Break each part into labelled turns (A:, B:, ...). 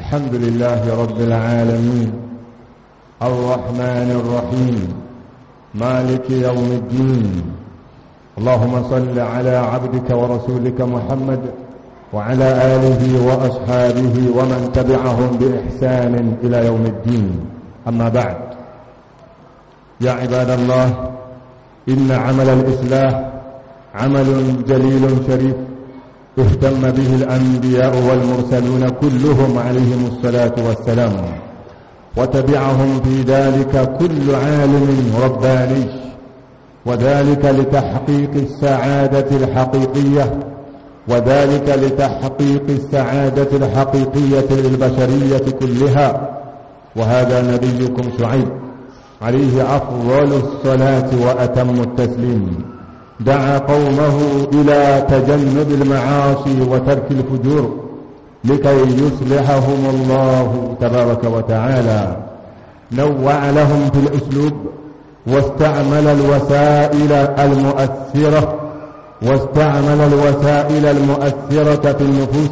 A: الحمد لله رب العالمين الرحمن الرحيم مالك يوم الدين اللهم صل على عبدك ورسولك محمد وعلى آله وأصحابه ومن تبعهم بإحسان إلى يوم الدين أما بعد يا عباد الله إن عمل الإسلام عمل جليل شريف اهتم به الأنبياء والمرسلون كلهم عليهم الصلاة والسلام وتبعهم في ذلك كل عالم رباني وذلك لتحقيق السعادة الحقيقية وذلك لتحقيق السعادة الحقيقية للبشرية كلها وهذا نبيكم شعيب عليه أفضل الصلاة وأتم التسليم دعا قومه إلى تجنب المعاصي وترك الفجور لكي يصلحهم الله تبارك وتعالى نوع لهم في الأسلوب واستعمل الوسائل المؤثرة واستعمل الوسائل المؤثرة في النفوس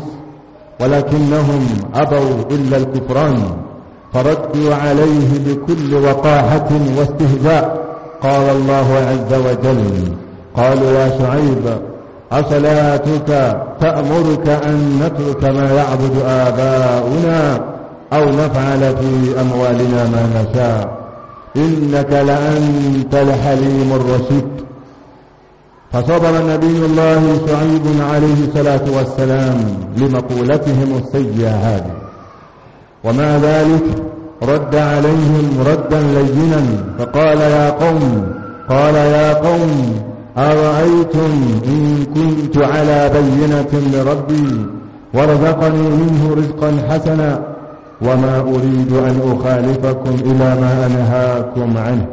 A: ولكنهم أبوا إلا الكفران فردوا عليه بكل وقاحة واستهزاء قال الله عز وجل قالوا يا شعيب أصلاتك تأمرك أن نترك ما يعبد آباؤنا أو نفعل في أموالنا ما نشاء إنك لأنت الحليم الرشيد فصبر نبي الله شعيب عليه الصلاة والسلام لمقولتهم السيئة هذه ومع ذلك رد عليهم ردا لينا فقال يا قوم قال يا قوم أرأيتم إن كنت على بينة من ربي ورزقني منه رزقا حسنا وما أريد أن أخالفكم إلى ما أنهاكم عنه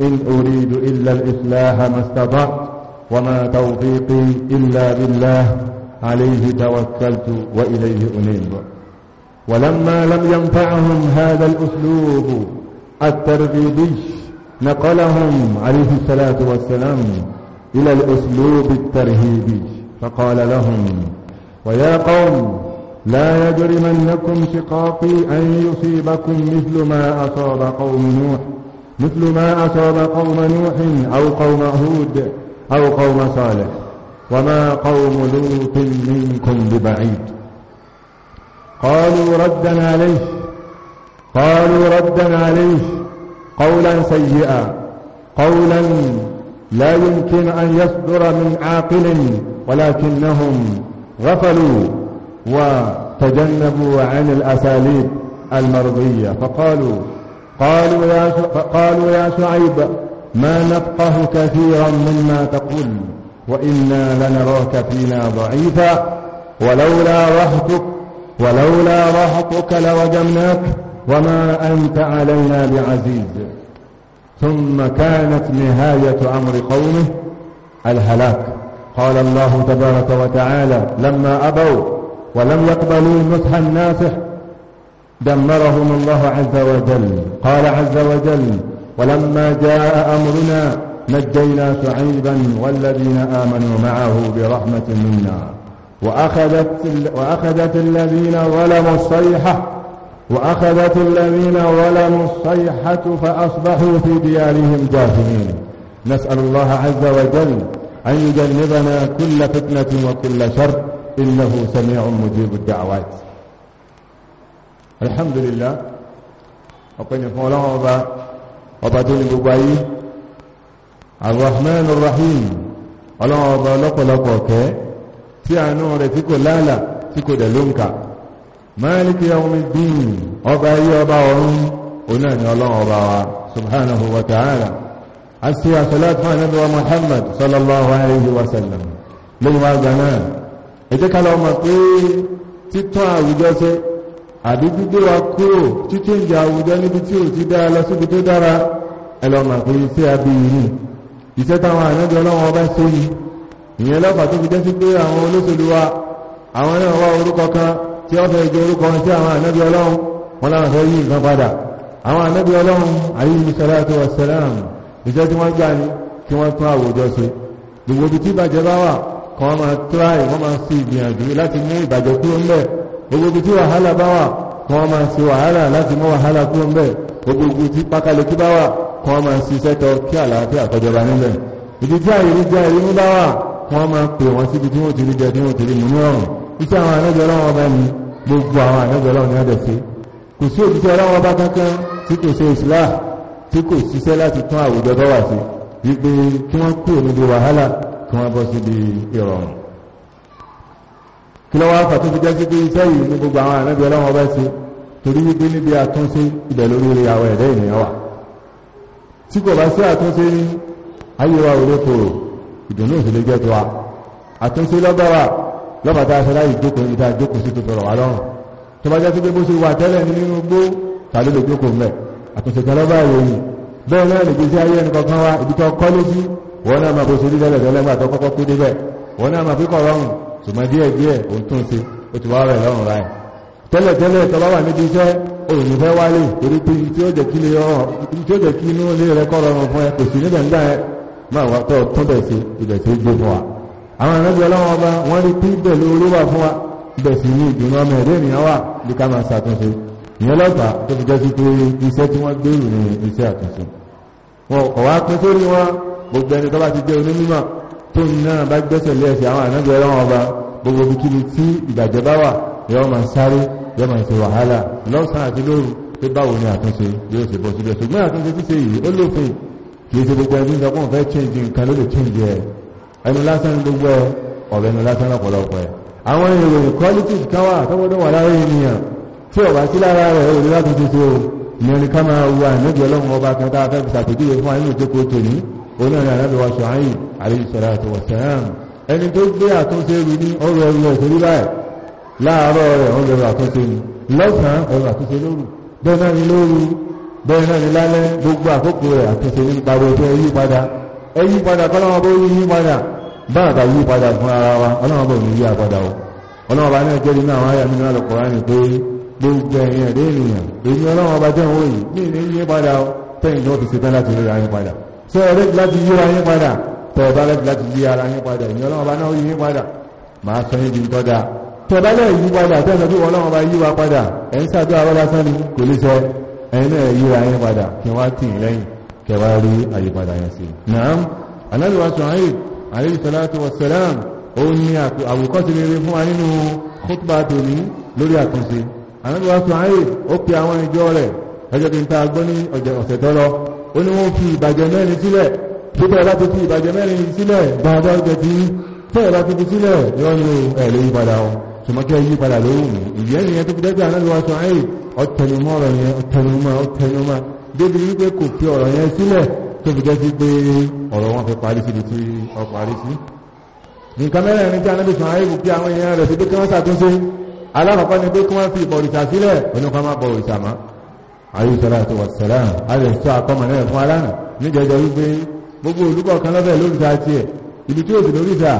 A: إن أريد إلا الإصلاح ما استطعت وما توفيقي إلا بالله عليه توكلت وإليه أنيب ولما لم ينفعهم هذا الأسلوب الترغيبي نقلهم عليه الصلاة والسلام إلى الأسلوب الترهيبي فقال لهم ويا قوم لا يجرمنكم شقاقي أن يصيبكم مثل ما أصاب قوم نوح مثل ما أصاب قوم نوح أو قوم هود أو قوم صالح وما قوم لوط منكم ببعيد قالوا ردا عليه قالوا ردا عليه قولا سيئا قولا لا يمكن أن يصدر من عاقل ولكنهم غفلوا وتجنبوا عن الأساليب المرضية فقالوا قالوا يا قالوا يا شعيب ما نفقه كثيرا مما تقول وإنا لنراك فينا ضعيفا ولولا رهتك ولولا رهتك لرجمناك وما أنت علينا بعزيز ثم كانت نهاية أمر قومه الهلاك قال الله تبارك وتعالى لما أبوا ولم يقبلوا النصح الناصح دمرهم الله عز وجل قال عز وجل ولما جاء أمرنا نجينا شعيبا والذين آمنوا معه برحمة منا وأخذت, وأخذت الذين ظلموا الصيحة وأخذت الذين ظلموا الصيحة فأصبحوا في ديارهم جاثمين نسأل الله عز وجل أن يجنبنا كل فتنة وكل شر إنه سميع مجيب الدعوات الحمد لله أقول فولا أبا أبا تنبوباي الرحمن الرحيم الله ọba ọlọ́pọ̀lọpọ̀ kẹ́ في àánú rẹ̀ لا kò láàlà tí máàlìkì yawmiddin ọba ayé ọba ọ̀run oní ẹ̀ni ọlọ́run ọba wa subhanahu wa ta'ala a sì àṣọlá fún ànábì wa muhammad sallallahu alayhi wa sallam lórí wa gbà náà ẹ jẹ́ ká lọ mọ̀ pé títọ́ àwùjọ ṣe àbí gbígbé wa kúrò títí ìjà àwùjọ níbi tí ò ti dára lọ síbi tó dára ẹ lọ mọ̀ pé iṣẹ́ abí yìí iṣẹ́ táwọn ànábì ọlọ́run ọba ṣe yìí ìyẹn lọ́fà tó fi jẹ́ sí pé àwọn olóṣèlú wa àwọn náà wá orúkọ kan tí ó fẹ́ jẹ orúkọ tí àwọn ànábí ọlọ́run wọn láwọn fẹ́ yí nǹkan padà àwọn ànábí ọlọ́run àyíyí sọ́látò ọ̀sẹ̀lám ìjẹ́ tí wọ́n gbà ní kí wọ́n tún àwùjọ ṣe gbogbo ibi tí ìbàjẹ́ bá wà kan wọ́n máa tíráì wọ́n máa sí ìgbìyànjú láti mú ìbàjẹ́ kúrò ńbẹ̀ gbogbo ibi tí wàhálà bá wà kan wọ́n máa ṣe wàhálà láti mú wàhálà kúrò ńbẹ̀ gbogbo ibi tí bá wà kan wọ́n máa ṣiṣẹ́ tọ kí àlàáfíà kọjọba nílẹ̀ ìdí tí àyè rí jẹ́ ìrímú bá wà kan wọ́n máa pè wọ́n síbi tí wọ́n ti rí jẹ tí wọ́n ti rí mú ní ọ̀rùn iṣẹ́ àwọn ànábì ọlọ́run ọba ni gbogbo àwọn ànábì ọlọ́run ni wọ́n dẹ̀ ṣe kò sí òjíṣẹ́ ọlọ́run ọba kankan tí kò ṣe ìsìlá tí kò ṣiṣẹ́ láti tún àwùjọ bọ́ wà sí wípé kí wọ́n kúrò níbi wàhálà kí wọ́n bọ́ síbi ìrọ̀rùn kí lọ́wọ́ afa tó fi jẹ́ sí pé iṣẹ́ yìí ní gbogbo àwọn ànábì ọlọ́run ọba ṣe torí wípé níbi àtúnṣe ibẹ̀ lórí àwọn ẹ̀dẹ́ ènìyàn wà tí kò bá sí àtúnṣe ayé wa ò kòrò ìdùnnú òsèlè tó wa àtúnṣe lọ́gbà wa lọ́pàá tá a fẹ́ láyé ìjókòó níbi tá a jókòó sí tó tọrọ wá lọ́rùn tó bá jẹ́ pé bó ṣe wà tẹ́lẹ̀ ní nínú gbó tàbí lè jókòó mẹ́ àtúnṣe kan lọ́ba ìròyìn bẹ́ẹ̀ náà lè gbèsè ayé ẹnì kankan wá ibi tó kọ́ létí wọn náà máa bó ṣe rí tẹ́lẹ̀ tẹ́lẹ̀ gbà tó kọ́kọ́ pé débẹ̀ wọn náà máa fi kọ̀ rọrùn ṣùgbọ́n díẹ̀ díẹ̀ ò ń tún ṣe ó ti wá àwọn ìrìnàjò ọlọ́wọ́ ọba wọ́n rí pí bẹ̀lú olówà fún wa bẹ̀ sí ní ìdùnnú ọmọ ẹ̀dẹ́ ènìyàn wà bí ká máa ṣàtúnṣe ìyẹn lọ́ta tó fi jẹ́ sí pé iṣẹ́ tí wọ́n gbèrú ní iṣẹ́ àtúnṣe wọn kọ̀ wá pín sórí wọn gbogbo ẹni tó bá ti jẹ́ onímọ̀ tó ń náà bá gbẹ́sẹ̀ lẹ́ẹ̀sẹ̀ àwọn ìrìnàjò ọlọ́wọ́ ọba gbogbo ibikíbi tí ìbàjẹ́ bá wà yọ́ máa sáré yọ́ máa ṣe wàhálà lọ́sàn-án àti lóru pé báwo ni àtúnṣe yóò ṣe bọ́ síbẹ̀ ṣùgbọ́n àtúnṣe ṣíṣe yìí ó lófin kì í ṣe gbogbo ẹni sọ pé òun fẹ́ change nǹkan ló lè change ẹ̀ ẹnu lásán gbogbo ẹ ọ̀rọ̀ ẹnu lásán lọ́pọ̀lọpọ̀ ẹ àwọn ìròyìn qualities kan wà tọ́gbọ́dọ̀ wà lára ènìyàn tí ọ̀bá sí lára rẹ̀ òní láti ti ṣe o ìyẹn ni ká máa wo àìmẹ́jọ ọlọ́run ọba kan tá a fẹ́ ṣàpèjúwe fún àyínú ìjókòó tòní onírin àrẹ́bẹ̀ wa ṣọ̀háyì àríṣọ́lá àti wọ̀sán ẹni tó gbé àtúnṣe rí ní ọrọ̀ ẹrù ẹ̀sẹ̀ rí báyìí láàárọ̀ rẹ̀ ọrọ̀ ẹrù àtúnṣe ni lọ́sàn-án ọrọ̀ àtúnṣe lóru bẹ́ẹ̀ náà ni lóru bẹ́ẹ̀ náà ni lálẹ́ gbogbo àkókò rẹ̀ àtúnṣe ní gbàgbọ́ tó yí padà ẹ yí padà kọ́lọ́wọ́ bó yí padà báàbà yí padà fún ara wa ọlọ́wọ́ bó yí padà o ọlọ́wọ́ bá náà jẹ́rìí náà wáyà nínú Al-Kùránì pé gbogbo ẹ̀yìn ẹ̀dẹ́ ènìyàn èyí ọlọ́wọ́ bá jẹ́ òun yìí ní ilé yí padà o tẹ́yìn tó fi ṣetán láti ríra yín padà sọ ọ̀rẹ́ láti yí ara yín padà tọ̀ọ̀bá láti yí ara yín padà èyí ọlọ́wọ́ bá náà yí yín padà máa sọ yín di ń tọ́jà tọ̀ọ̀bá náà kẹwàárí àyípadà yẹn sí náà anábíwá ṣùgbọ́n alayhi salatu wassalam ó ní àwòkọ́sí rere fún wa nínú khutba tòní lórí àtúnṣe anábíwá ṣùgbọ́n ó pe àwọn ìjọ rẹ̀ ẹjọ́ bí n ta gbọ́ ní ọ̀sẹ̀ tọ́lọ ó ní wọ́n fi ìbàjẹ́ mẹ́rin sílẹ̀ tó bẹ́ẹ̀ bá ti fi ìbàjẹ́ mẹ́rin sílẹ̀ dáadáa jẹ́ ti tẹ́ẹ̀ bá ti fi sílẹ̀ yọ́nu ẹ̀ lè ìyẹn tó fi dẹ́gbẹ́ anábíwá ṣùgbọ́n ọ̀tẹnumọ́ rẹ̀ yẹn ọ̀tẹnumọ́ ọ̀tẹnumọ́ débi wípé kò fi ọ̀rọ̀ yẹn sílẹ̀ tó fi jẹ́ sí pé ọ̀rọ̀ wọn fi parí síbi tí ó parí sí nǹkan mẹ́rẹ̀ẹ̀rin tí anábì sàn áyébù kí àwọn èèyàn rẹ̀ sí pé kí wọ́n ṣàtúnṣe alákọ̀ọ́kọ́ ni pé kí wọ́n fi ìbọ̀rìṣà sílẹ̀ oníkan má bọ̀ òrìṣà mọ́ alayhi salatu wassalam alẹ́ sọ àkọ́mọ̀ náà fún aláàrùn níjẹjọ wípé gbogbo olùkọ́ kan lọ́fẹ̀ẹ́ lóríṣà tiẹ̀ ibi tí òsì lóríṣà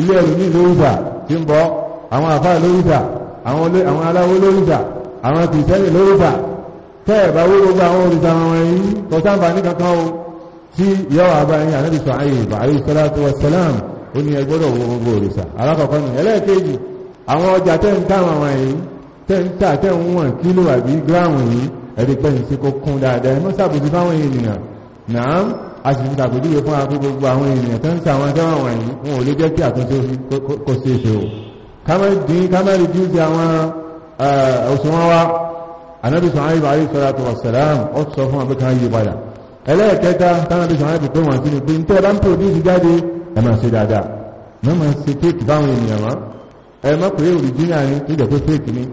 A: ilé ẹ̀rù ní lóríṣà tẹ́ ẹ̀ bá wúlò gba àwọn olùdá àwọn ẹ̀yìn kò sáǹfààní kankan o tí ìyáwó àbá ẹ̀yìn ànábì sọ ayé ìbà ayé sọláàtú wa sàlám ó ní ẹ gbọ́dọ̀ wo gbogbo òrìṣà alákọ̀ọ́kọ́ ni ẹlẹ́ẹ̀kejì àwọn ọjà tẹ́ ń tà àwọn ẹ̀yìn tẹ́ ń tà tẹ́ ń wọ̀n kílò àbí gíráàmù yìí ẹ̀rí pẹ́ ní sí kó kún dáadáa ẹ̀mọ́ sàbòsí fáwọn ènìyàn náà a sì ń tàbójúwe fún akó àwọn anábì sàáyìbà ayé sọ́látọ̀ wàsàlám ó sọ fún abẹ́ká yí padà ẹlẹ́ẹ̀kẹta tánàbì sàáyìbà pé wọ́n sí ni pé nítorí bá ń pòdúsì jáde ẹ máa ṣe dáadáa mọ́ máa ṣe fèkì báwọn ènìyàn mọ́ ẹ mọ́ pé òrìjínà ni tó jẹ́ pé fèkì ni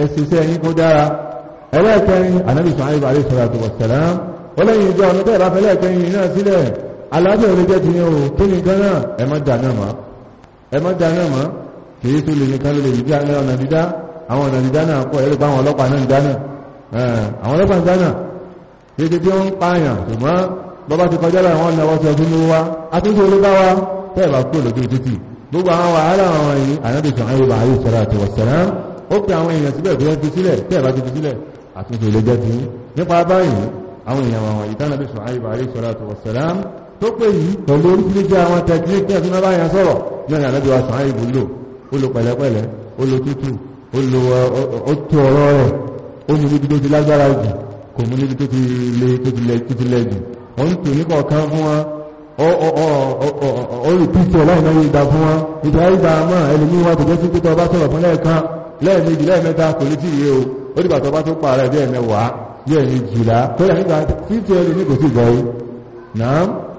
A: ẹ sì ṣe ẹyin kó dára ẹlẹ́ẹ̀kẹrin anábì sàáyìbà ayé sọ́látọ̀ wàsàlám ó lẹ́yìn ìjọ ọ̀nà tẹ́ẹ̀ fẹ́ lẹ́ẹ̀kẹrin náà sílẹ̀ aláàbẹ̀ òde jẹ́ ti o tó ní gan náà má dà mọ́ ẹ má dà mọ́ kì í tó lè nìkan lè lè jíjà náà ọ̀nà dídá àwọn ọ̀nà ìdáná pọ̀ ẹ̀rọ pa àwọn ọlọ́pàá náà ìdáná àwọn ọlọ́pàá ìdáná títí tí ó ń pààyàn ṣùgbọ́n bọ́bá ti kọjá lára wọn náà wọ́n ti ọdún wa àtúnṣe olúbá wa tẹ́ẹ̀bà kúrò lójú títì gbogbo àwọn wàhálà àwọn yìí ànábì sàn ayé bàálù sọ̀rọ̀ àti wọ̀sẹ̀rán ó pe àwọn èèyàn síbẹ̀ fẹ́ fi sílẹ̀ tẹ́ẹ̀bà ti fi sílẹ̀ àtúnṣe olójẹ́ ti nípa báyìí àwọn èèyàn àwọn ìtànàbì sàn ayé bàálù sọ̀rọ̀ àti wọ̀sẹ̀rán tó pé yìí pẹ̀lú oríṣiríṣi àwọn tẹ̀kíníkì ẹ̀fínà báyà sọ̀rọ̀ yọ̀nyà ànábì wa sàn ayé ó lo pẹ̀lẹ́pẹ̀lẹ́ ó lo tútù olùwọ̀ ó tó ọ̀rọ̀ rẹ̀ ó mú níbi tó ti lágbára jù kò mú níbi tó ti le tó ti lẹ tó ti lẹ jù ó ń tò nípa ọ̀kan fún wa ó rí pító láì náà yìí gbà fún wa ìgbà ìgbà mọ́ ẹlòmíín wa tòjọ́ sí pípọ̀ bá sọ̀rọ̀ fún lẹ́ẹ̀kan lẹ́ẹ̀mejì lẹ́ẹ̀mẹ́ta kò ní tí ì yé o ó dìgbà tó bá tó pààrọ̀ bí ẹ̀mẹ́wàá bí ẹ̀mejìlá tó yà nígbà fífi ẹlòmíín kò sí ìgbà yìí náà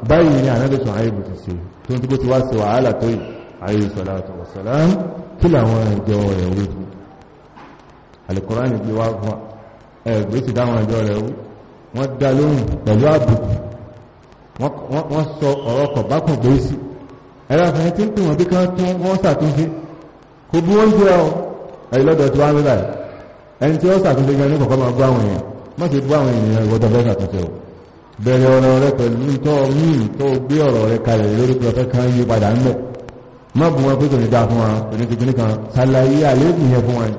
A: báyìí ni àná lè sọ àyè bùtù sí tó ń tí kó ti wá sí wàhálà tó yìí alayhi salatu wa salam kí làwọn ẹjọ́ rẹ̀ wí alìkùránì bí wá fún ẹgbẹ́ ti dáwọn ẹjọ́ rẹ̀ wí wọ́n dá lóhùn pẹ̀lú àbùkù wọ́n sọ ọ̀rọ̀ kọ̀ bákùn gbé sí ẹ̀rọ àfihàn tí ń pè wọ́n bí ká tún wọ́n ṣàtúnṣe kò bú wọ́n jẹ́ ọ ẹ̀lọ́dọ̀ tí wọ́n rí báyìí ẹni tí wọ́n ṣàtúnṣe gan ní kọ̀kọ́ máa bú àwọn èèyàn bẹ̀rẹ̀ ọ̀rọ̀ rẹ pẹ̀lú tó mí tó gbé ọ̀rọ̀ rẹ kalẹ̀ lórí pé ọ̀fẹ́ kan yí padà ń bẹ̀ má bù wọn pé kò ní dá fún wa kò ní kékeré kan ṣàlàyé àléébù yẹn fún wa ni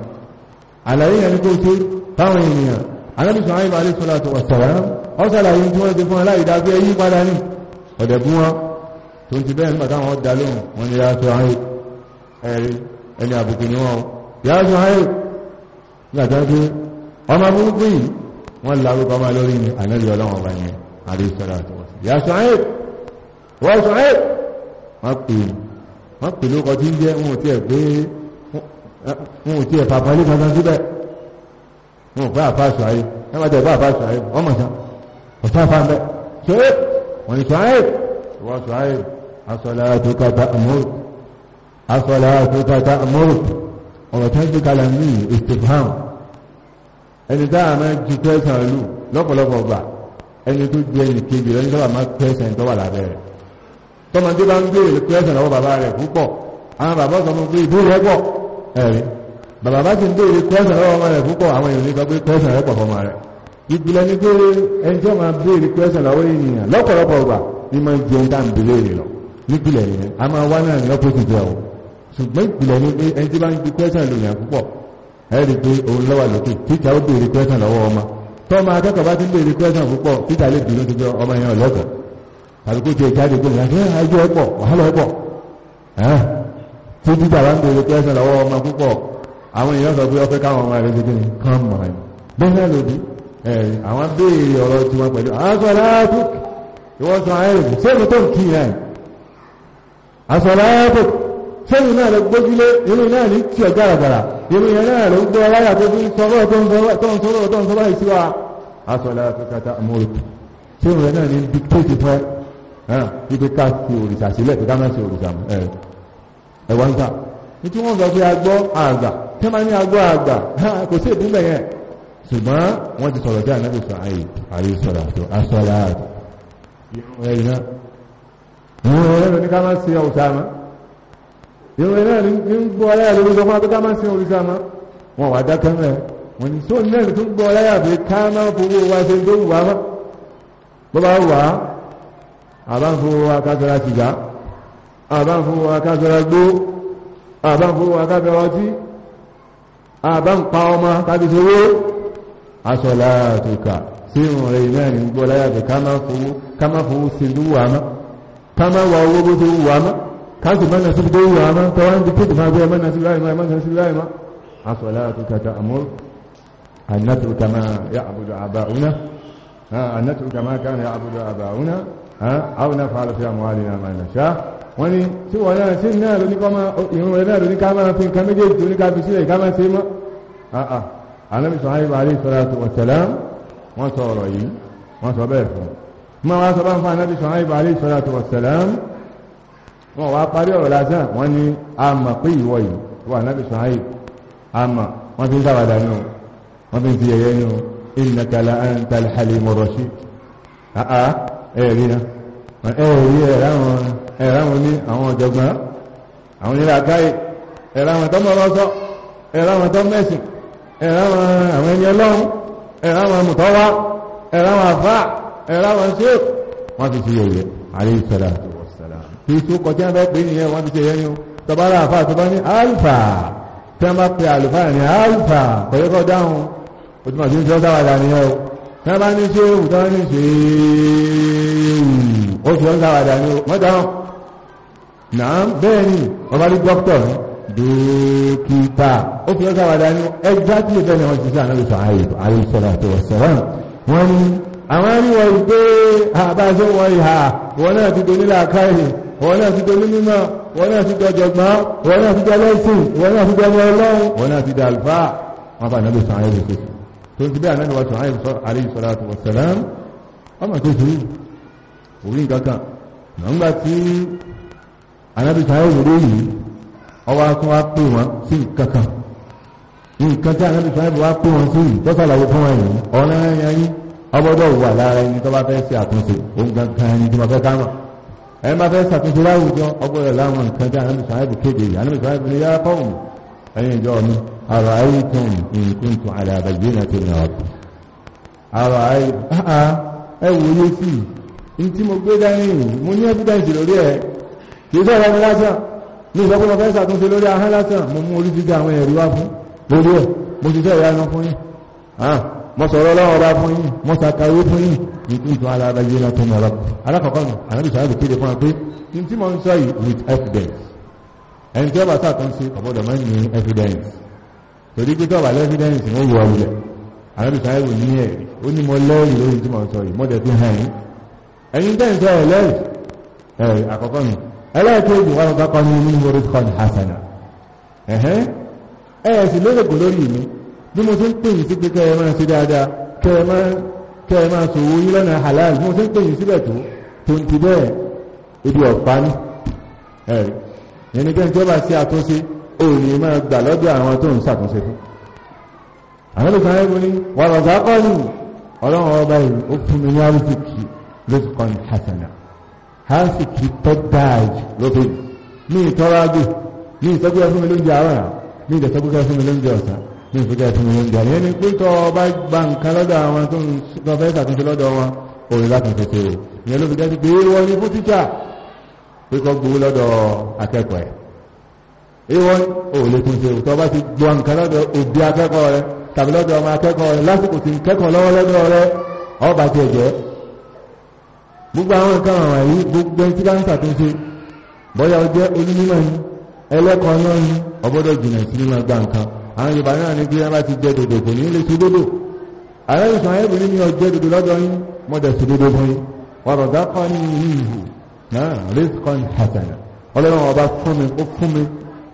A: àlàyé yẹn ni kò ṣe táwọn ènìyàn alábìsàn àyíbá alẹ́sọ́lá tó wà sàrán ọ ṣàlàyé tí wọ́n ti fún aláìdá pé èyí padà ní ọ̀dẹ̀kún wọn tó ti bẹ́ẹ̀ nígbà táwọn ọ̀dà lóhùn wọn ni yáa sọ ayé ẹ̀rí ẹni àbùkù ni wọn o yáa sọ ayé nígbà tó ń pé ọmọ burúkú yìí wọn lárúkọ ọmọ lórí ni ànábì ọlọ́wọ́n ọba yẹn alẹ́sọ́lá wọ́n pè ló kọjú jẹ́ wọn ò tiẹ̀ pé wọn ò tiẹ̀ fàbọn ilé kankan síbẹ̀ wọn ò pé àfáàsù ayé wọn bá tẹ̀ bá àfáàsù ayé wọ́n mọ̀ sán ọ̀tá fa mẹ́ ṣé wọ́n ní sọ́ọ́yè wọ́n sọ́ọ́yè asọ́lá àtúkàtà àmúrù asọ́lá àtúkàtà àmúrù ọ̀rọ̀ tó ń fi kalẹ̀ ní ìsìnkàn ẹni tá a máa ju tẹ́sán lù lọ́pọ̀lọpọ̀ gbà ẹni tó ju ẹnì kejì lọ́nà tó wà máa tẹ́sán tó wà lábẹ́ rẹ̀ tọmọdé bá ń béèrè pé ẹ̀sẹ̀ lọ́wọ́ bàbá rẹ̀ púpọ̀ àwọn bàbá sọ fún pé ìbú rẹ̀ pọ̀ ẹ̀rí bàbá bá ti ń béèrè pé ẹ̀sẹ̀ lọ́wọ́ ọmọ rẹ̀ púpọ̀ àwọn èèyàn nípa pé pẹ́sẹ̀ rẹ̀ pọ̀ fọmọ rẹ̀ ìpìlẹ̀ ni pé ẹni tí wọ́n máa pé ẹ̀sẹ̀ lọ́wọ́ ènìyàn lọ́pọ̀lọpọ̀ ọgbà ni máa ń jẹun tá à ń béèrè lọ nípìlẹ̀ yẹn a máa wá náà ní ọ́pọ̀sìtì ẹ̀ ni pé ẹni tí bá ń di pẹ́sẹ̀ lòyìn púpọ̀ ẹ rí i pé òun lọ́wọ́ lókè títà ó béèrè pẹ́sẹ̀ lọ́wọ́ ọmọ tọ́mọ akẹ́kọ̀ọ́ bá ti ń béèrè pẹ́sẹ̀ púpọ̀ tàbí kó jẹ ìjáde gbé ìyàgbé ẹjọ́ ẹ̀pọ̀ wàhálà ẹ̀pọ̀ tí títà bá ń bèèrè pẹ́sẹ̀ lọ́wọ́ ọmọ púpọ̀ àwọn èèyàn sọ pé ọpẹ́ káwọn ọmọ rẹ̀ gbé kan mọ̀ ẹ̀ bẹ́ẹ̀ lòdì àwọn béèrè ọ̀rọ̀ tí wọ́n pẹ̀lú asọ̀láàbùk ìwọ́n sọ ayẹ́rẹ̀ sẹ́nu tó ń kí yẹn asọ̀láàbùk sẹ́nu náà lọ gbójúlé inú náà ní tí ẹ̀ gàràgàrà inú yẹn náà ló ń gbọ́ láyà tó fi sọ̀rọ̀ tó ń sọ̀rọ̀ tó ń sọ̀rọ̀ ìsíwá asọ̀láàbùk kata amúrùkù sẹ́nu náà ní dictate fẹ́ wípé ká ti òrìṣà sílẹ̀ pé ká má ṣe òrìṣà mọ́ ẹ̀wà ń sà ní tí wọ́n sọ pé agbọ́ àgbà tẹ́ máa ní agbọ́ àgbà kò sí ìpínlẹ̀ yẹn ṣùgbọ́n wọ́n ti sọ̀rọ̀ jẹ́ ànábì sọ àyè àyè sọ̀rọ̀ àtọ̀ asọ́lá ìrùn ẹ̀yìn náà ìrùn ẹ̀yìn náà ní ká má ṣe òrìṣà mọ́ ìrùn ẹ̀yìn náà ní gbọ́ ọlẹ́yà lórí sọ pé ká má ṣe òrìṣà mọ́ wọn wà dákẹ́ mẹ́ wọn ni tó náà tún gbọ́ ọlẹ́yà pé ká má fowó wa ṣe tó wù mọ́ bọ́ bá wà á àbáfowó akásọ́ra sìgá àbáfowó akásọ́ra gbó àbáfowó akásọ́ra ọtí àbánpa ọmọ tàbí sówó aṣọ́lá àtòkà sí ìrùn rẹ̀ iná ẹ̀rìn gbọ́ láyàtọ̀ ká má fowó sí ìlú wà mọ́ ká má wà owó bó tó wà mọ́ ká sì mọ́nà sí tó wà mọ́ tọ́wọ́ ń dikẹ́tì máa gbé mọ́nà sí láì mọ́nà sí láì mọ́ aṣọ́lá àtòkà ta àmọ́ àwọn náà fàálù fi àmọ́ àlè náà máa nà ṣá wọ́n ní tí wọ́n náà sí náà lóní kọ́ máa ìrún rẹ̀ náà lóní ká máa fi nǹkan méjèèjì lóní ká fi sílẹ̀ ká máa ṣe mọ́ ànábì Ṣuaibu alayhi ẹ̀rí náà ẹ̀rí ẹ̀ráwọn ní àwọn ọ̀jọ̀gbọ́n àwọn onílàkáyè ẹ̀ráwọn tọ́mọ lọ́sọ́ ẹ̀ráwọn tọ́ mẹ́sìn ẹ̀ráwọn àwọn ẹni ọlọ́run ẹ̀ráwọn mùtọ́wá ẹ̀ráwọn àfá ẹ̀ráwọn ṣe wọ́n ti fi yẹ̀yẹ̀ àríṣẹ́lá kí tó kọjá bẹ́ pé nìyẹn wọ́n ti ṣe yẹn yóò tọbára àfá tó bá ní alfa tẹ́ bá pe àlùfáà ní alfa kọ̀yẹ́kọ̀ dáhùn ojúmọ̀ tí ó ń ṣọ́ sáwàdà nìyẹn o náà bá ní ṣe èwù tán ní ṣe èwù ó ti wọ́n sáwàdà ní mọ́tàán náà bẹ́ẹ̀ ni wọ́n bá rí dókítọ̀ ní dókítà ó ti wọ́n sáwàdà ní exactly bẹ́ẹ̀ ni wọ́n ti sáà náà sọ ààyè sọ̀rọ̀ àti ọ̀sọ̀rọ̀ wọ́n ní àwọn aríwọ̀ ìgbé àbáṣe wọn ìhà wọn náà ti donílà káyì wọn náà ti doní mímọ́ wọn náà ti dọ̀jọ̀gbọ́n wọn náà ti tó ń ti bí ànábì wa Ṣuaib alayhi salatu wa salam ọmọ tó sùúrù orí nǹkan kan nígbà tí ànábì Ṣuaib lórí yìí ọwọ́ akún wa pè wọ́n sí nǹkan kan nǹkan tí ànábì Ṣuaib wa pè wọ́n sí yìí tó sàlàyé fún wọn yìí ọ̀nà ẹ̀yà yín ọgbọ́dọ̀ wà lára ẹni tó bá fẹ́ ṣe àtúnṣe òun gangan ẹni tí wọ́n fẹ́ ká mọ̀ ẹ máa fẹ́ ṣàtúnṣe láwùjọ ọgbọ́dọ̀ láwọn nǹkan tí ànábì Ṣuaib kéde yìí ànábì Ṣuaib ní أرأيتم إن كنت على بينة من ربي أرأيتم ẹ wòye sí in tí mo gbé dání mo ní evidence lórí ẹ̀ kìí sọ̀rọ̀ mi lásán ní ìsọpọ̀ mọ̀ fẹ́ ṣàtúnṣe lórí ahọ́n lásán mo mú orí fíga àwọn ẹ̀rí wá fún lórí ẹ̀ mo ṣiṣẹ́ ìyanu fún yín mo sọ̀rọ̀ ọlọ́run ọba fún yín mo ṣàkàwé fún yín nítorí tó alábàáyé látọ̀ ní ọ̀rọ̀ alákọ̀ọ́kọ́ nù àyànjú sàrẹ́bù kéde fún wa pé in tí mo ń sọ yìí with evidence ẹni tí ó bá ṣàtúnṣe ọ̀bọ̀dọ̀ máa ń ní evidence torí pé tọ́wà lẹ́fídẹ́ǹsì wọ́n yíwa wulẹ̀ àrẹ́bì sáyẹ̀wò ní ẹ̀rí ó ní mọ lẹ́rì lórí tí mo sọ yìí mọ́dẹ̀ fi hàn yín ẹ̀yin tẹ́ ń sọ ọ̀ lẹ́rì ẹ̀rì àkọ́kọ́ mi ẹlẹ́ẹ̀kejì wọn bá kọ́ ní nínú orí kan hasana ẹ̀hẹ́n ẹ̀ sì lórúkọ lórí mi bí mo ti ń pè sí pé kẹ́ ẹ máa ṣe dáadáa kẹ́ ẹ òní máa gbà lọ́dọ̀ àwọn tó ń ṣàtúnṣe fún àwọn olùkọ́ ẹgbẹ́ wọn ni wọ́n rọ̀ sákọ́ ni ọlọ́run ọba yìí ó fún mi ní àrísìkì ló ti kọ́ ní hasana àrísìkì tó dáa jù lóde ní ìtọ́ra gbé ní ìtọ́gbẹ́ fún mi lóúnjẹ àwọn àrà ní ìdẹ̀tọ́gbẹ́ fún mi lóúnjẹ ọ̀sán ní ìfúkẹ́ fún mi lóúnjẹ àríyẹn ni pé tọ́ ọba gba nǹkan lọ́dọ̀ àwọn tó ń lọ fẹ́ ṣàtúnṣe lọ́dọ̀ wọn òní láti tètè ìyẹn ló fi jẹ́ sí pé wọ́n ní fún títà pé kọ́ gbowó lọ́dọ̀ akẹ́kọ̀ọ́ ìwọ ò lè tún ṣe òtọ́ bá ti gbọ́ nǹkan lọ́dọ̀ òbí akẹ́kọ̀ọ́ rẹ tàbí lọ́dọ̀ ọmọ akẹ́kọ̀ọ́ rẹ lásìkò tí ń kẹ́kọ̀ọ́ lọ́wọ́ lọ́dọ̀ rẹ ọba ti ẹ̀jẹ̀ gbogbo àwọn nǹkan àwọn yìí gbogbo ẹni tí bá ń ṣàtúnṣe bóyá ó jẹ́ onímọ̀ ni ẹlẹ́kọ̀ọ́ náà ni ọgbọ́dọ̀ jìnà sí nínú ọgbà nǹkan àwọn Yorùbá náà ní bí wọ́n bá ti jẹ dòdò kò ní lè ṣe dòdò ààrẹ ìsàn ayébìnrin ni ọjẹ́ dòdò lọ́dọ̀ yín mọ́dẹ̀ sí dòdò fún yín wàrọ̀dá kan ní ìhù náà rí kan hasana ọlọ́run ọba fún mi ó fún mi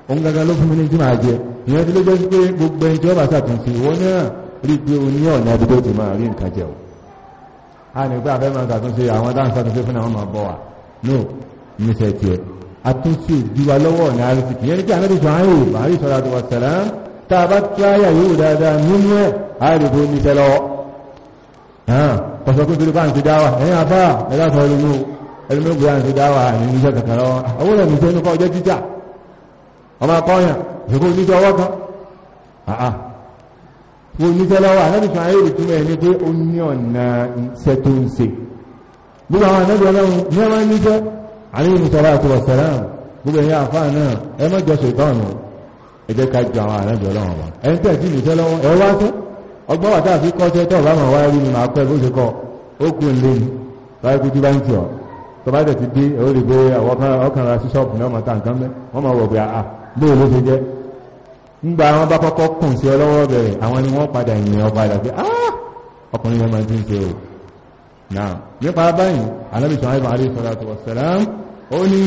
A: òun gangan ló fún mi ní tí máa jẹ ìyẹn tí ló jẹ́ pé gbogbo ẹni tí wọ́n bá ṣàtúnṣe ìwọ náà rí pé o ní ọ̀nà ibi ti máa rí nǹkan jẹ o a ní pé afẹ́ máa ṣàtúnṣe àwọn tá à fún àwọn máa bọ̀ wá no níṣẹ́ tiẹ̀ àtúnṣe ìdíwa lọ́wọ́ ọ̀nà àrísìkì yẹn ní kí ànábì sọ àárín òòrùn àárín ìṣọ́ra tó wà sẹ̀lá tá a bá tíráyà yóò dáadáa nínú ẹ̀ àárín tó níṣẹ́ lọ́wọ́ ọ̀sọ̀ pé torí bá ń ti dáwà ẹ̀yìn afá ẹ̀dá sọ ẹlòmí ẹlòmí ògbé à ń ti dáwà àìníṣẹ́ kankan lọ́wọ́ àwọn ẹ̀mí sẹ́nu kọ́ ọjọ́ jíjà ọmọ akọ́yàn ìṣòkó oníjọ ọwọ́ kan àà wo oníjọ lọ́wọ́ ànábìkan ayé ìtumọ̀ ẹni pé ó ní ọ̀nà iṣẹ́ tó ń ṣe gbogbo àwọn ànábì ọlọ́run ní ọmọ níjọ àríyìn ìṣọ́lá àti wọ̀sẹ̀rán gbogbo ẹ̀yà àfáà náà ẹ mọ́ jọ ṣètọ́nù ẹ jẹ́ ká ju àwọn ànábì ọlọ́run wa ẹ ń tẹ̀sí ìṣẹ́ lọ́wọ́ ẹ wá tó ọgbọ́n wà táà bóyá ló ṣe jẹ́ ńgbà àwọn bá kọ́kọ́ kùn sí ọlọ́wọ́ bẹ̀rẹ̀ àwọn ni wọ́n padà ìyẹn ọba àdàgbé ọkùnrin yẹn máa ti ń ṣe o náà nípa báyìí alábìsọ àìbá alẹ́ sọ́dọ̀ àtọwọ̀ sẹ́lám ó ní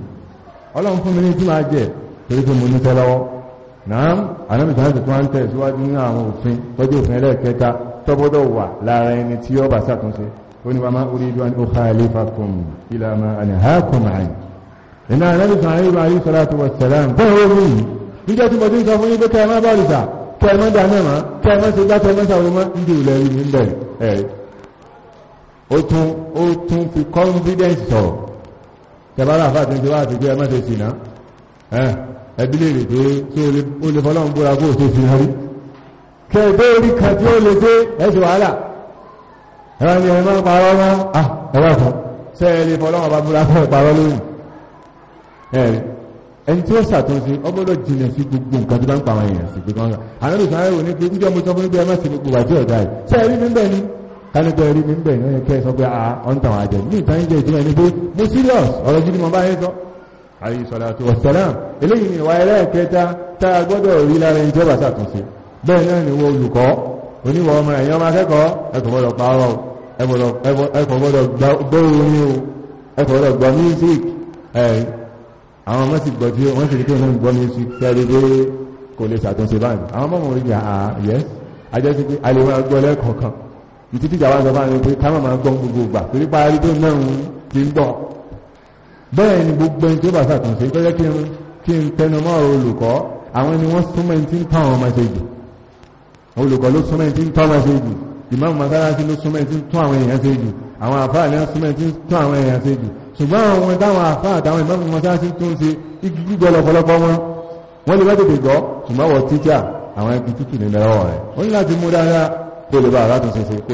A: ọlọ́run fún mi ní tí máa jẹ torí pé mo ní tẹ́lọ́wọ́ náà alábìsọ àìbá tó ń tẹ̀ síwájú ní àwọn òfin tọ́jú òfin ẹlẹ́ẹ̀kẹta tọ́gbọ́dọ̀ wà lára ẹni tí ó ṣàtúnṣe ó ní wàá má orí ìlú àni ó ilé fàkùn ìlànà àni hákùn iná anábì sàárè ibà ayé sọ́lá tó wọ̀ sẹ̀lá bẹ́ẹ̀ ó mú yìí níjọ́ tí mo ti ń sọ fún yín pé kẹ́ ẹ má bá òrìṣà kẹ́ ẹ má dà náà má kẹ́ ẹ má ṣe gbá kẹ́ ẹ má ṣàwọn ọmọ ń di ìlẹ̀ rí mi ń bẹ̀ ẹ̀ ó tún fi confidence sọ̀rọ̀ tẹ̀bára àfáà tí ń ti wá àti pé ẹ má ṣe sì náà ẹ̀ ẹbí lè rè pé tí ó lè fọlọ́run búra kó o ṣe sì náà rí kẹ́ ẹ bẹ́ orí kan tí ó lè ẹ wá ní ẹ má parọ́ mọ́ ah ẹ wá kan ṣe lè fọlọ́run bá búra kó o parọ́ lóyún ẹni tí ó ṣàtúnṣe ọgbọ́dọ̀ jìnà sí gbogbo nǹkan tó bá ń pa àwọn èèyàn sí gbogbo nǹkan àwọn olùsọ ayẹwo ní pé níjọ́ mo sọ fún níbi ẹ má ṣe gbogbo àti ọ̀dà yìí ṣe rí mi bẹ́ẹ̀ ni kálíkọ̀ rí mi bẹ́ẹ̀ ni wọ́n yẹ kẹ́ ẹ sọ pé a ọ̀n tàwọn àjẹ ní ìtàn ìjẹ́ ìjìnà ni pé mo serious ọ̀rọ̀ gidi mo bá yẹn sọ. alayhi salatu wassalam eléyìí ni ìwà ẹlẹ́ẹ̀kẹta tá a gbọ́dọ̀ rí lára ẹni tí ó bá ṣàtúnṣe bẹ́ẹ̀ náà ni wọ́n olùkọ́ oníwọ̀ ọmọ ẹ̀yàn ọmọ akẹ́kọ̀ọ́ ẹ̀kọ́ gbọ́dọ̀ pààrọ̀ ẹ̀kọ́ gbọ́dọ̀ gbọ́ orin o ẹ̀kọ́ gbọ́dọ̀ gbọ́ music àwọn ọmọ sì gbọ́ tí wọ́n sì rí pé wọ́n gbọ́ ní sí tẹ́rí pé kò lè ṣàtúnṣe báyìí àwọn ọmọ wọn rí gbà á yẹ pé a lè máa gbọ́ lẹ́ẹ̀kọ̀ọ̀kan ìtí tíjà wá sọ bá ní pé táwọn máa gbọ́ gbogbo gbà torí pa arí tó náà ti ń gbọ́ bẹ́ẹ̀ ni gbogbo ẹni tó bá ṣàtúnṣe tó yẹ kí n kí n tẹnu mọ́ olùkọ́ àwọn ni wọ́n súnmọ́ ẹni tí ń tọ́ àwọn ọmọ ṣe jù olùkọ́ ló súnmọ́ ẹni tí ń tọ́ ọmọ ṣe jù ìmáàmù mọ́sálásí ló súnmọ́ ìtí tún àwọn èèyàn ṣe jù àwọn àfáà ní súnmọ́ ìtí tún àwọn èèyàn ṣe jù ṣùgbọ́n àwọn ohun táwọn àfáà àtàwọn ìmáàmù mọ́sálásí tó ń ṣe igi gbígbọ́ lọ́pọ̀lọpọ̀ wọn wọ́n lè mẹ́tẹ̀ẹ̀tẹ̀ gbọ́ ṣùgbọ́n wọ tíjà àwọn igi tútù ní lọ́wọ́ rẹ̀ ó ní láti mú dáadáa kó lè bá alátúnṣe kó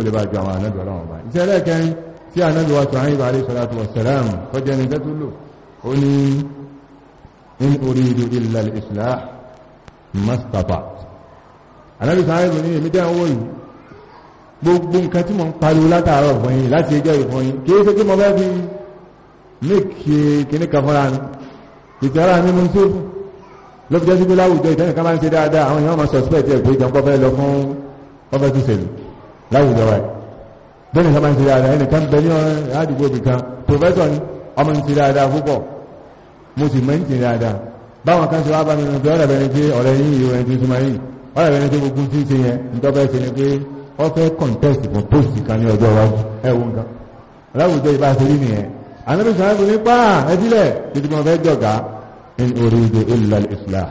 A: lè èmi dẹ́ owó yìí gbogbo nǹkan tí mo ń pariwo látàárọ̀ fún yín láti ẹjọ́ ìfún yín kí é ṣe kí mo bẹ́ fi mẹ́kì kìíní kan fúnra mi ìtara mi mo ń ṣe fún ló fi jẹ́ síbi láwùjọ ìtẹ́nì kan máa ń ṣe dáadáa àwọn èèyàn máa suspect ẹ̀ pé ìjọ pọ́ fẹ́ lọ fún ọfẹ́ tó ṣèlú láwùjọ wa bẹ́ẹ̀ni kan máa ń ṣe dáadáa ẹnì kan bẹ ní àdúgbò mi kan professor ni ọmọ ń ṣe dáadáa púpọ̀ mo sì mọ̀ ń ṣe dáadáa báwọn kan ṣe wá bá mi rìn pé ọ̀rẹ́ bẹni ọ̀rẹ́ yín ìrìn tí súnmọ́ yìí ọ̀rẹ́ bẹni gbogbo tí ṣe yẹn ń tọ́ bẹ́ẹ̀ ṣe ni pé wọ́n fẹ́ contest fún post kan ní ọjọ́ iwájú ẹ̀wù nǹkan aláwùjọ ìbá ṣe rí nìyẹn ànábì sọ̀rọ̀ ẹ̀bùn nípa ẹ̀dílẹ̀ títí mo fẹ́ jọ̀gá in uridu illa al-islah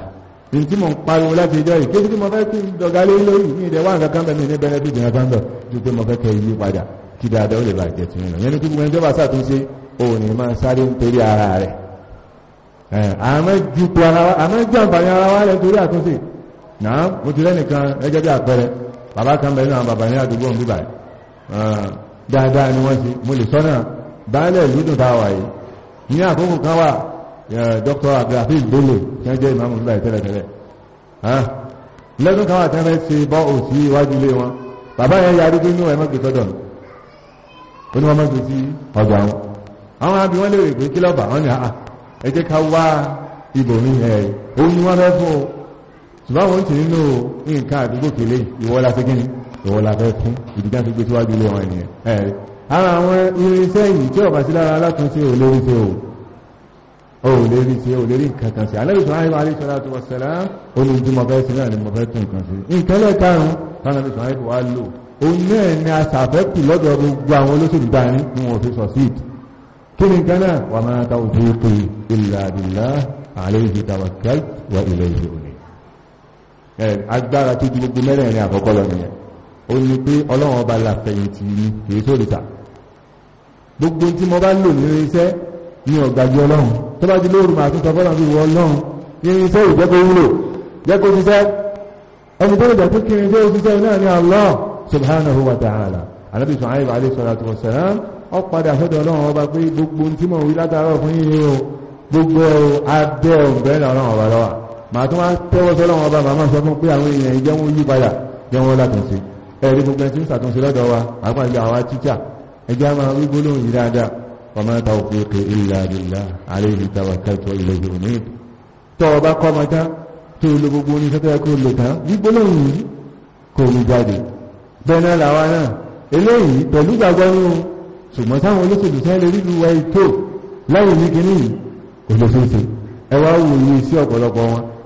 A: ní tí mo ń pariwo láti ìjọ yìí kéjì tí mo fẹ́ kí n jọ̀gá lé lórí ní ìdẹ̀ wà nǹkan kan bẹ̀ mí ní benefit ní ọjọ́ ńlọ ju pé mo fẹ́ kẹ́ yí padà kí dáadáa ó lè bàjẹ́ tún yín lọ yẹn ní kí gbogbo ẹni tó bá ṣàtúnṣe òun ni máa sáré nítorí ara rẹ̀ àmọ́ ju àmọ́ jàǹfààní ara wa lẹ́torí àtúnṣe náà mo ti lẹ́nìkan ẹgẹ́ bí àpẹẹrẹ bàbá kan bẹ̀rẹ̀ náà bàbá ní àdúgbò ń bíbà dáadáa ni wọ́n ti mo lè sọ́nà baálẹ̀ lúdùn tá a wà yìí ní àkókò kan wà Dr. abdulhafiz bello tí wọ́n jẹ́ ìmáàmù bíbà tẹ́lẹ̀tẹ́lẹ̀ lọ́dún kan wà tí wọ́n ti bọ́ òsì iwájú ilé wọn bàbá yẹn yarí pé níwọ̀n ẹ̀mọ́gbé tọ́dọ̀ ó ní wọ́n mọ́gbé sí ọjà wọn àwọn abí wọ́n lè rè pé kí lọ́bà wọ́n ah, ẹ jẹ́ ká wá ibòmí ẹ̀ òun ni wọ́n fẹ́ fún o ṣùgbọ́n wọ́n ti nínú nǹkan àdúgbò kèlé ìwọ́lá fẹ́ gíní ìwọ́lá fẹ́ fún ìdíjá fi gbé síwájú ilé wọn ènìyàn ẹ̀rẹ́ ara àwọn irinṣẹ́ yìí tí ọ̀bá sí lára alátúnṣe ò lérí ṣe ò lérí ṣe ò lérí nǹkan kan sí alẹ́bìsọ ayé wa aléṣọ́lá tó wọ sẹ́lá ó ní ojú mọ̀fẹ́ sí náà ni mọ̀fẹ́ tún nǹkan sí nǹkan lẹ́ẹ̀karùn-ún tánàbìsọ ayé wa lò òun náà ni aṣàfẹ́kù lọ́dọ̀ gbogbo àwọn olóṣèlú dání ni wọn ò fi sọ síìtì kí ni nǹkan náà wà máa ta òfin pé ìlà àdìlá àlẹ́ ìṣèkàwàkẹ́ wà agbára tó ju gbogbo mẹ́rẹ̀ẹ̀rin àkọ́kọ́ lọ nìyẹn ó ní pé ọlọ́run ọba làfẹ̀yìntì ni èyí tó rìta gbogbo tí mo bá lò nínú iṣẹ́ ní ọ̀gbàjú ọlọ́run tó bá di lóòrùn àti tọ́fọ́nà bí wọ ọlọ́run nínú iṣẹ́ ìjẹ́ kó wúlò jẹ́ kó ṣiṣẹ́ ẹni tó lọ́jà tó kiri jẹ́ òṣìṣẹ́ náà ní Allah subhanahu wa ta'ala alábi sọ̀háìbà alẹ́ sọ̀rọ̀ àti ọ̀sẹ̀rán ọ padà sọ́dọ̀ ọlọ́run ọba pé gbogbo tí mo wí látàárọ̀ fún yíyí o gbogbo abẹ́ ọ̀gbẹ́ ọlọ́run ọba lọ́wọ́ màá tún wá tẹ́wọ́ sọ́lọ́wọ́ ọba màmá sọ fún pé àwọn èèyàn ìjẹ́ wọn yí padà jẹ́ wọn látúnṣe ẹ̀rí gbogbo ẹni tí ń ṣàtúnṣe lọ́dọ̀ wa àpàgbà àwa tíjà ẹjẹ́ a máa wí gbólóhùn yìí dáadáa wa ma tawfiqi illa billah alayhi tawakkaltu wa ilayhi unib tọ́ ọba kọ́ ọmọ tán tó lo gbogbo oníṣẹ́ tó yẹ kó lò tán wí gbólóhùn yìí kò mú jáde bẹ́ẹ̀ náà làwa náà eléyìí pẹ̀lú gbàgbọ́ nínú ṣùgbọ́n táwọn olóṣèlú ètò láì ní kinní yìí kò lè ṣeéṣe ẹ wòye sí ọ̀pọ̀lọpọ̀ wọn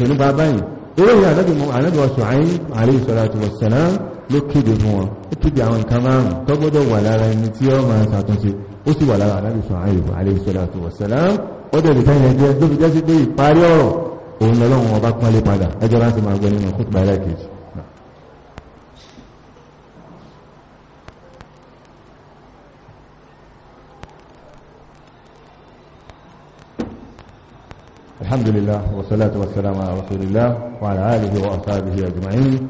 A: tó nípa báyìí eré ìyá ànábì mu ànábì ọ̀sùn àyín alayhi salatu wassalam ló kéde fún wọn ó kéde àwọn nǹkan márùn tó gbọ́dọ̀ wà lára ẹni tí ó máa ṣàtúnṣe ó sì wà lára ànábì sọ àyè alayhi salatu wassalam الحمد لله والصلاة والسلام على رسول الله وعلى آله وأصحابه أجمعين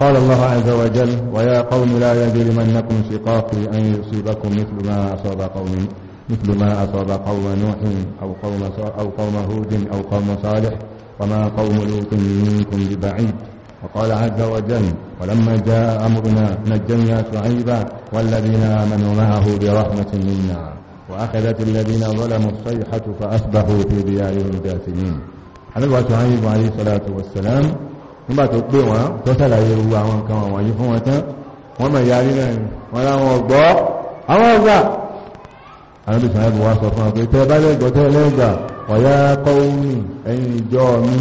A: قال الله عز وجل ويا قوم لا يجرمنكم شقاقي أن يصيبكم مثل ما أصاب قوم مثل ما أصاب قوم نوح أو قوم أو قوم هود أو قوم صالح وما قوم لوط منكم ببعيد وقال عز وجل ولما جاء أمرنا نجينا شعيبا والذين آمنوا معه برحمة منا فأخذت الذين ظلموا الصيحة فأصبحوا في ديارهم جاثمين alẹ́gbà tó hàn yíbo alayhi salatu wassalam nígbà tó pé wọn tó sàlàyé gbogbo àwọn nǹkan wọn wọ̀nyí fún wọn tán wọ́n mọ̀ yarí náà wọ́n láwọn ọgbọ́ àwọn ọgbà àwọn ìsàn ẹ̀bùn wa sọ fún ọ pé tẹ́ bá lẹ́gbọ́ tẹ́ lẹ́gbà ọ̀yá qawmi ẹ̀yìn ìjọ mi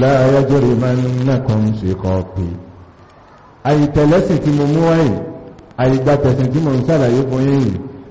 A: la yajrimannakum shiqaqi àyìtẹ̀lẹ́sìn tí mo mú wáyìí àyìgbà tẹ̀sìn tí mo ń sàlàyé fún yín yìí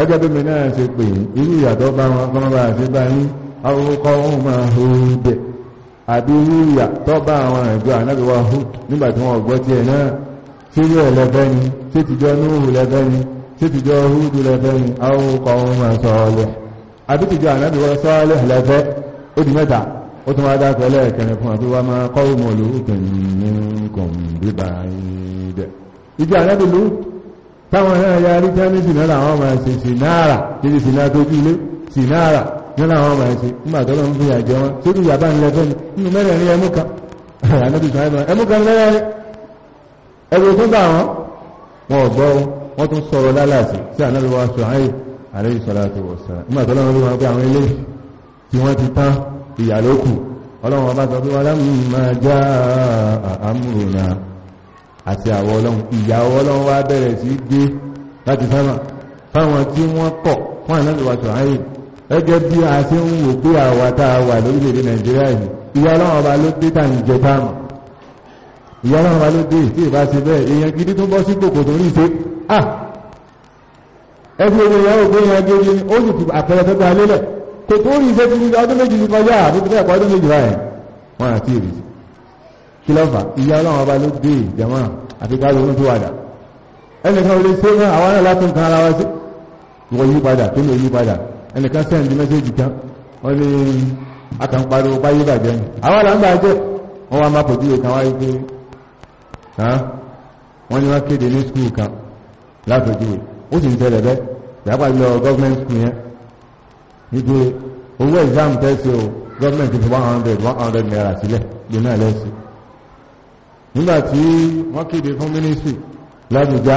A: ẹgbẹ́ bí mi náà ṣe pè yín irú ìyàtọ̀ bá wọn kọ́ bá ṣe bá yín awúkọ́ wọn máa hóúdẹ̀ àbí irú ìyàtọ̀ bá àwọn ìjọ ànábìwá hood nígbà tí wọ́n gbọ́ tiẹ̀ náà ṣé yóò lẹ́fẹ́ ni ṣé tìjọ núhù lẹ́fẹ́ ni ṣé tìjọ húdù lẹ́fẹ́ ni awúkọ́ wọn máa sọ́ọ́lẹ̀ àbí tìjọ ànábìwá sọ́ọ́lẹ̀ lẹ́fẹ́ ó di mẹ́ta ó tún wá dákọ̀ lẹ́ẹ̀kẹrin fún táwọn náà ya rí tán ní sìnà làwọn máa ṣe sìnáàrà níbi sìnà tó bí ilé sìnáàrà ní làwọn máa ṣe nígbà tó lọ ń fi àjọ wọn tó dùn yàbá ńlẹ fẹ́ mi nínú mẹ́rin ní ẹmú kan ànábì sọ ẹmú ẹmú kan lẹ́yìn ẹgbẹ́ tó bá wọn wọn ò gbọ́ wọn tún sọ̀rọ̀ lálàsì sí ànábì wa sọ ayé àlẹ́ ìṣọ̀lá tó wọ̀ sọ̀rọ̀ nígbà tó lọ́wọ́ wọn pé àti àwọ ọlọ́run ìyàwó ọlọ́run wá bẹ̀rẹ̀ sí dé láti sábà fáwọn tí wọ́n kọ̀ fún àìlọ́dọ̀wà sọ̀háyè gẹ́gẹ́ bí a ṣe ń wò pé àwa tá a wà lórílẹ̀-èdè nàìjíríà yìí ìyà ọlọ́run ọba ló dé tà ń jẹ táàmù ìyà ọlọ́run ọba ló dé tí ìbá ṣe bẹ́ẹ̀ èèyàn gidi tó bọ́ sí kòkò tó rí ṣe à ẹbí omi ìyá ògbó yẹn gidi ó sì fi àpẹẹrẹ tó gba lélẹ̀ kòkó rí ṣe ti ọdún méjì ti kọjá àbúkú kí lọ́fà ìyá ọlọ́run ọba ló dé ìjẹmọ́ àti ká ronú tó wàdà ẹnìkan olè ṣe náà àwọn náà látún kan ara wa sí wọ́n yí padà tó lè yí padà ẹnìkan sẹ́ǹdì mẹ́sẹ́jì kan wọ́n ní akànpariwo báyé bàjẹ́ ni àwọn àlàǹgbà jẹ́ wọ́n wá máa pòjú ìkan wáyé pé wọ́n ní wọ́n kéde ní skul kan látòjú ó sì ń tẹ̀lẹ̀ bẹ́ yàgbà lọ gọ́ọ̀mẹ̀ntì skul yẹn wípé owó exam tẹ́sí o gọ́ọ̀mẹ̀ntì fi one hundred one hundred naira sílẹ̀ lónà lẹ́sìn nígbàtí wọ́n kéde fún mínísítì lábújá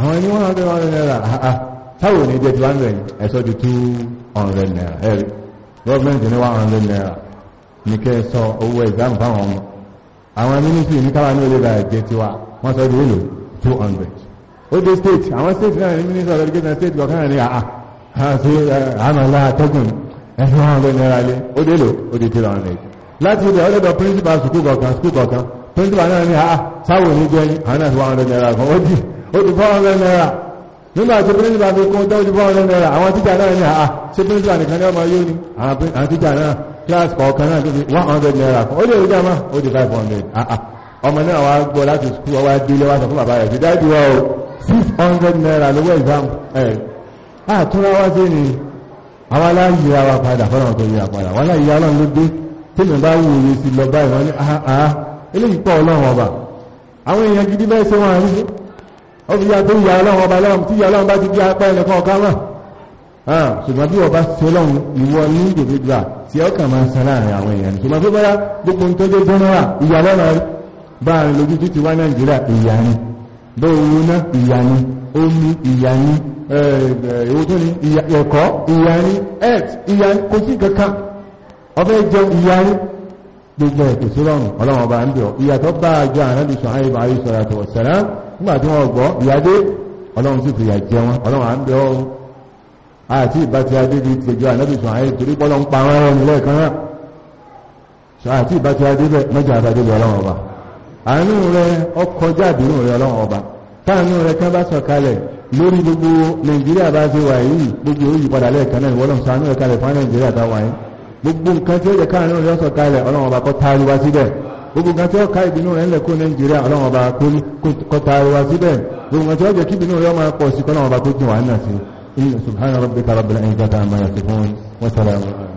A: àwọn ẹni 100 naira àà táwọn ní jẹ́ 200 ẹ̀sọ́ di 200 naira ẹ̀rí gọ́ọ̀mẹ́ntì ní 100 naira ní kẹ́ sọ owó exam fáwọn ọmọ àwọn mínísítì ní káwà ní olè bá jẹ́ tiwa wọ́n sọ di èlò 200 ó dé state àwọn state náà ní mínísítì ọ̀rọ̀ ìgbésẹ̀ state kọ̀ọ̀kan ní àà àti àmàlà àtọ́gùn ẹ̀sọ́ 100 naira lé ó dé lò ó di 300 láti ilẹ̀ ọlọ́dọ̀ principal school kọ̀ọ̀kan school kọ̀ọ̀kan pẹ́ntìwà náà ní àá sáwò ní 100 naira kan ó dì ó dì 400 naira nígbà tí pẹ́ntìwà fi kún tó dì 400 naira àwọn tíjà náà ní àá ṣe pẹ́ntìwà nìkan ní ọmọ yóò ní àwọn tíjà náà kíláàsì 100 naira kan ó lè rí jàmá ó dì 500 àà ọmọ náà wá gbọ́ láti sukú ọwá délé wá sọ fún bàbá rẹ̀ ti dájú wa o 600 naira lówó exam ẹ̀ eh, àtúnra wá sí ni àwọn aláyè wa padà fọ́nà tó yẹ àpadà wọn aláyè wa náà ló dé tí mi bá wù mí sí lọ báyìí wọn ní ah, ah eléyìí pọ̀ ọlọ́run ọba àwọn èèyàn gidi bẹ́ẹ̀ wọn àrí ó fi ya tó ìyá ọlọ́run ọba lọ́run tí ìyá ọlọ́run bá ti di apá ẹnìkan ọ̀gá náà hàn ṣùgbọ́n bí ọba ṣe lọ́run ìwọ ní ìdèdè gbà tí ó kàn máa san láàrin àwọn èèyàn ṣùgbọ́n tó bẹ́rẹ̀ gbogbo tó dé jẹ́nẹ́rà ìyá lọ́nà rí bá àrin lójú títí wá nàìjíríà ìyá ni bó owó ná ìyá ni omi ìyá ni èwo tó ní ẹ̀kọ́ ìyá ni ẹ̀t ìyá ni kò sí kankan ọbẹ̀ jẹun ìyá ni gbogbo ẹ̀kù sí rọrùn ọlọ́wọ̀n bá ń bẹ̀ ọ́ ìyàtọ̀ bá àjọ ànábì sọ àyè bàárí sọ̀rọ̀ àtọ̀ ọ̀sẹ̀rá nígbà tí wọ́n gbọ́ ìyáde ọlọ́run sì fìyà jẹ wọn ọlọ́wọ̀n à ń bẹ̀ ọ́ àti ìbátí adébi tẹjọ ànábì sọ àyè torí bọ́lọ́ ń pa wọn rẹ̀ nílẹ̀ kan náà sọ àti ìbátí adébẹ̀ mẹ́jọ àtàdébẹ̀ ọlọ́wọ̀n ọba àánú rẹ ọkọ̀ jáde rẹ ọlọ́wọ̀n ọba gbogbo nǹkan tí ó yẹ káàrin òní ọ̀sọ̀ kalẹ̀ ọlọ́run ọba kó taari wa síbẹ̀ gbogbo nǹkan tí ó ká ìbínú rẹ̀ ńlẹ̀ kó nàìjíríà ọlọ́run ọba kó taari wa síbẹ̀ gbogbo nǹkan tí ó jẹ́ kí ìbínú rẹ̀ ọmọ pọ̀ sí kọ́lọ́run ọba kó jìn wá náà sí. subhana rabbika rabbil izzati amma yasifun wa salamun